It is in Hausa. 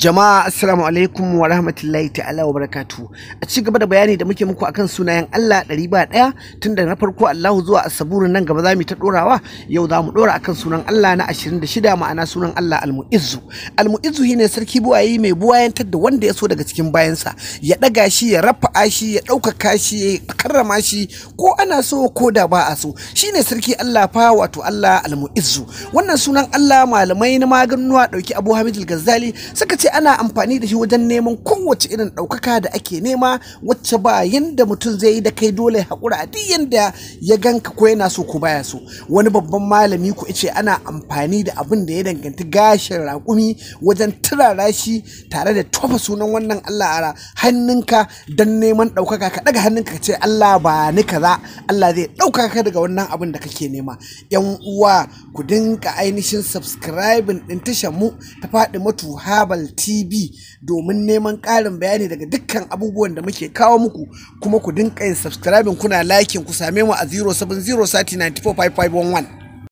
Jama'a assalamu alaikum wa rahmatullahi ta'ala wa barakatu. A ci gaba da bayani da muke muku akan sunayen Allah ɗari ba ɗaya tun da na farko Allahu zuwa asaburin nan gaba za mu ta ɗorawa yau za mu ɗora akan sunan Allah na ashirin da shida ma'ana sunan Allah almu'izzu. Almu'izzu shine sarki buwayi mai buwayantar da wanda ya so daga cikin bayansa ya ɗaga shi ya rafa'a shi ya ɗaukaka shi ya karrama shi ko ana so ko da ba a so ne sarki Allah fa wato Allah almu'izzu. Wannan sunan Allah malamai na maganuwa ɗauki Abu Hamid al-Ghazali suka ce ana amfani da shi wajen neman kowace irin ɗaukaka da ake nema wacce ba yanda mutum zai yi da kai dole haƙura a duk yanda ya ganka ko yana so ko baya so wani babban malami ku ice ana amfani da abin da ya danganta gashin raƙumi wajen turara shi tare da tofa sunan wannan Allah a hannunka don neman ɗaukaka ka ɗaga hannunka ka ce Allah ba ni kaza Allah zai ɗaukaka daga wannan abin da kake nema yan uwa ku dinga ainihin subscribing ɗin tashar mu ta faɗi matu habal TV domin neman ƙarin bayani daga dukkan abubuwan da muke kawo muku kuma ku dinka yin subscribing kuna liking ku same mu a 070 30 94 5511